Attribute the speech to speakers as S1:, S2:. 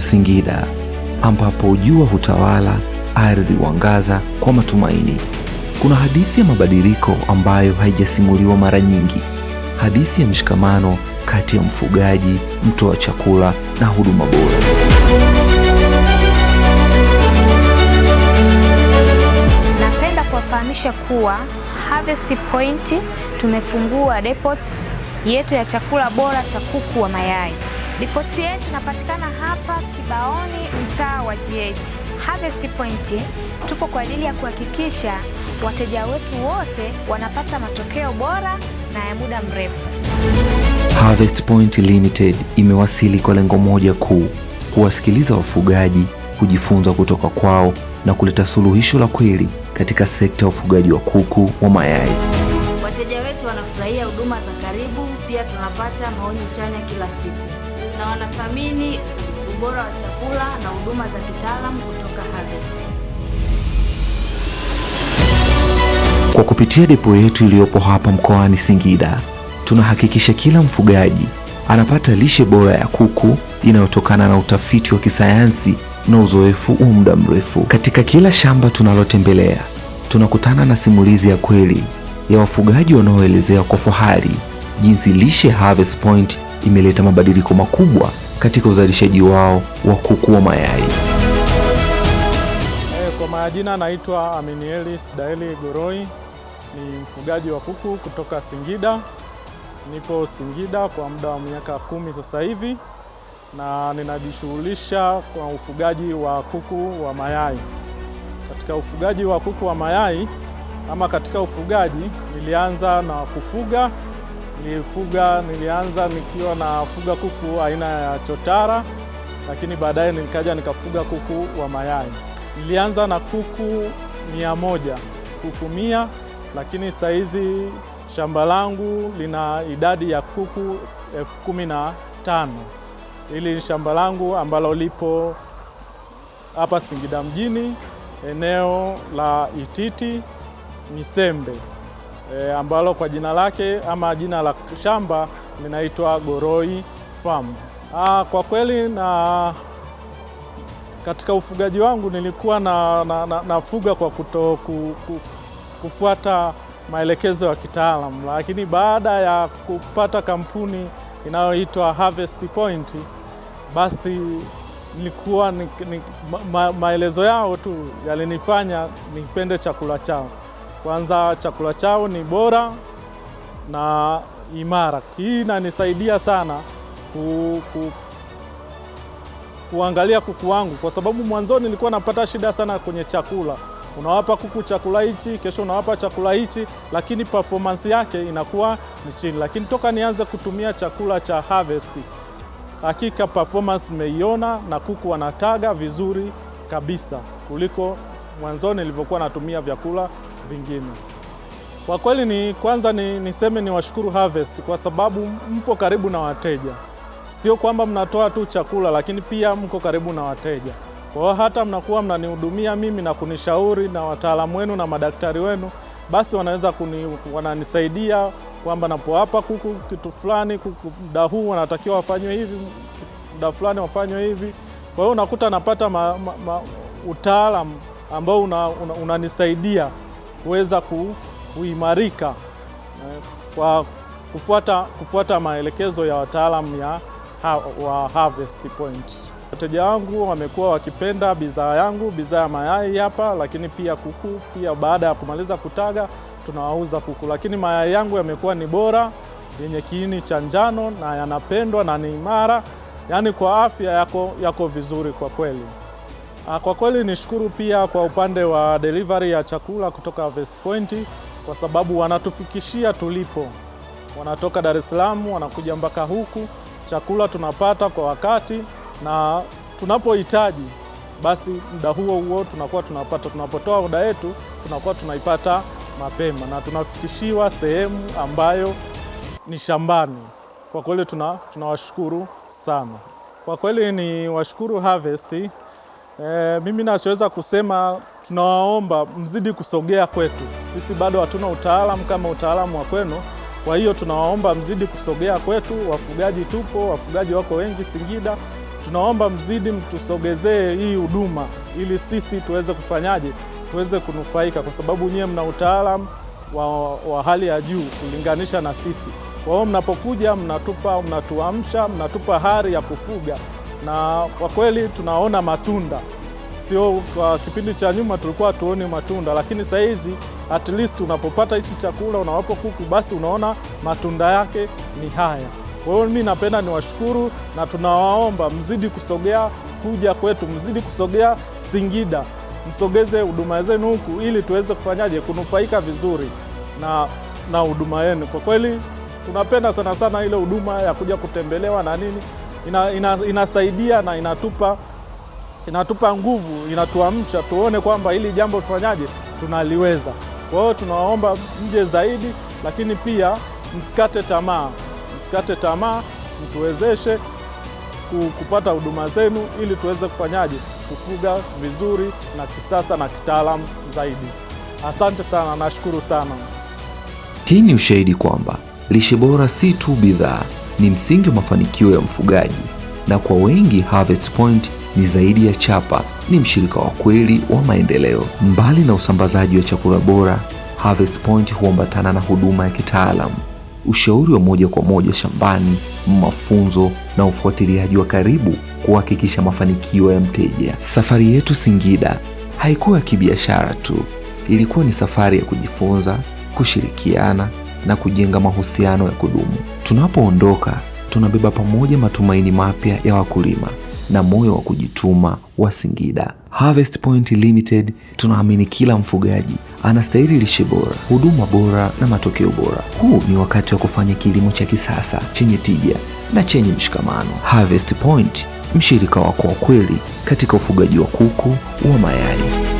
S1: Singida ambapo jua hutawala, ardhi huangaza kwa matumaini. Kuna hadithi ya mabadiliko ambayo haijasimuliwa mara nyingi, hadithi ya mshikamano kati ya mfugaji, mtoa chakula na huduma bora.
S2: Napenda kuwafahamisha kuwa Harvest Point tumefungua depots yetu ya chakula bora cha kuku wa mayai. Ripoti yetu inapatikana hapa Kibaoni, mtaa wa GH Harvest Point. Tupo kwa ajili ya kuhakikisha wateja wetu wote wanapata matokeo bora na ya muda mrefu.
S1: Harvest Point Limited imewasili kwa lengo moja kuu, kuwasikiliza wafugaji, kujifunza kutoka kwao na kuleta suluhisho la kweli katika sekta ya ufugaji wa kuku wa mayai.
S3: Wateja wetu wanafurahia huduma za karibu, pia tunapata maoni chanya kila siku na wanathamini ubora wa chakula na huduma za kitaalamu kutoka Harvest.
S1: Kwa kupitia depo yetu iliyopo hapa mkoani Singida, tunahakikisha kila mfugaji anapata lishe bora ya kuku inayotokana na utafiti wa kisayansi na uzoefu wa muda mrefu. Katika kila shamba tunalotembelea, tunakutana na simulizi ya kweli ya wafugaji wanaoelezea kwa fahari jinsi lishe Harvest Point imeleta mabadiliko makubwa katika uzalishaji wao wa kuku wa mayai.
S4: E, kwa majina naitwa aminieli Sidaeli Goroi, ni mfugaji wa kuku kutoka Singida. Nipo Singida kwa muda wa miaka kumi sasa hivi na ninajishughulisha kwa ufugaji wa kuku wa mayai. Katika ufugaji wa kuku wa mayai ama katika ufugaji nilianza na kufuga nilifuga, nilianza nikiwa nafuga kuku aina ya chotara, lakini baadaye nikaja nikafuga kuku wa mayai. Nilianza na kuku mia moja, kuku mia, lakini sahizi shamba langu lina idadi ya kuku elfu kumi na tano. Hili ni shamba langu ambalo lipo hapa Singida mjini, eneo la Ititi Misembe e, ambalo kwa jina lake ama jina la shamba linaitwa Goroi Farm. Ah, kwa kweli na katika ufugaji wangu nilikuwa na, na, na, nafuga kwa kuto, ku, ku, kufuata maelekezo ya kitaalamu, lakini baada ya kupata kampuni inayoitwa Harvest Point basi nilikuwa ni, ni, ma, ma, maelezo yao tu yalinifanya nipende chakula chao. Kwanza chakula chao ni bora na imara. Hii inanisaidia sana ku, ku, kuangalia kuku wangu, kwa sababu mwanzoni nilikuwa napata shida sana kwenye chakula. Unawapa kuku chakula hichi, kesho unawapa chakula hichi, lakini performance yake inakuwa ni chini. Lakini toka nianze kutumia chakula cha Harvest, hakika performance meiona na kuku wanataga vizuri kabisa kuliko mwanzoni nilivyokuwa natumia vyakula vingine. Kwa kweli ni kwanza ni, niseme ni washukuru Harvest kwa sababu mpo karibu na wateja, sio kwamba mnatoa tu chakula, lakini pia mko karibu na wateja. Kwa hiyo hata mnakuwa mnanihudumia mimi na kunishauri na wataalamu wenu na madaktari wenu, basi wanaweza kuni, wananisaidia kwamba napo hapa kuku kitu fulani, muda huu wanatakiwa wafanywe hivi, muda fulani wafanywe hivi. Kwa hiyo unakuta napata ma, ma, ma, utaalamu ambao unanisaidia una kuweza kuimarika eh, kwa kufuata, kufuata maelekezo ya wataalamu ya ha, wa Harvest Point. Wateja wangu wamekuwa wakipenda bidhaa yangu, bidhaa ya mayai hapa, lakini pia kuku. Pia baada ya kumaliza kutaga tunawauza kuku, lakini mayai yangu yamekuwa ni bora, yenye kiini cha njano na yanapendwa na ni imara, yaani kwa afya yako, yako vizuri kwa kweli. Ah, kwa kweli nishukuru pia kwa upande wa delivery ya chakula kutoka West Point kwa sababu wanatufikishia tulipo, wanatoka Dar es Salaam wanakuja mpaka huku, chakula tunapata kwa wakati na tunapohitaji basi muda huo huo tunakuwa tunapata. Tunapotoa oda yetu tunakuwa tunaipata mapema na tunafikishiwa sehemu ambayo ni shambani. Kwa kweli tunawashukuru tuna sana, kwa kweli ni washukuru Harvest E, mimi nachoweza kusema tunawaomba mzidi kusogea kwetu. Sisi bado hatuna utaalamu kama utaalamu wa kwenu, kwa hiyo tunawaomba mzidi kusogea kwetu. Wafugaji tupo, wafugaji wako wengi Singida, Tunaomba mzidi mtusogezee hii huduma ili sisi tuweze kufanyaje, tuweze kunufaika, kwa sababu nyiwe mna utaalamu wa, wa hali ya juu kulinganisha na sisi. Kwa hiyo mnapokuja, mnatupa, mnatuamsha, mnatupa hari ya kufuga na kwa kweli tunaona matunda. Sio kwa kipindi cha nyuma tulikuwa tuoni matunda, lakini sasa hizi at least unapopata hichi chakula unawapo kuku, basi unaona matunda yake ni haya. Kwa hiyo mi napenda niwashukuru na tunawaomba mzidi kusogea kuja kwetu, mzidi kusogea Singida, msogeze huduma zenu huku ili tuweze kufanyaje kunufaika vizuri na na huduma yenu. Kwa kweli tunapenda sana sana ile huduma ya kuja kutembelewa na nini ina, ina, inasaidia na inatupa inatupa nguvu, inatuamsha tuone kwamba hili jambo tufanyaje, tunaliweza. Kwa hiyo tunawaomba mje zaidi, lakini pia msikate tamaa, msikate tamaa, mtuwezeshe kupata huduma zenu ili tuweze kufanyaje, kufuga vizuri na kisasa na kitaalamu zaidi. Asante sana, nashukuru sana.
S1: Hii ni ushahidi kwamba lishe bora si tu bidhaa ni msingi wa mafanikio ya mfugaji, na kwa wengi Harvest Point ni zaidi ya chapa, ni mshirika wa kweli wa maendeleo. Mbali na usambazaji wa chakula bora, Harvest Point huambatana na huduma ya kitaalamu, ushauri wa moja kwa moja shambani, mafunzo na ufuatiliaji wa karibu kuhakikisha mafanikio ya mteja. Safari yetu Singida haikuwa ya kibiashara tu, ilikuwa ni safari ya kujifunza, kushirikiana na kujenga mahusiano ya kudumu. Tunapoondoka, tunabeba pamoja matumaini mapya ya wakulima na moyo wa kujituma wa Singida. Harvest Point Limited tunaamini kila mfugaji anastahili lishe bora, huduma bora na matokeo bora. Huu ni wakati wa kufanya kilimo cha kisasa chenye tija na chenye mshikamano. Harvest Point, mshirika wako wa kweli katika ufugaji wa kuku wa mayai.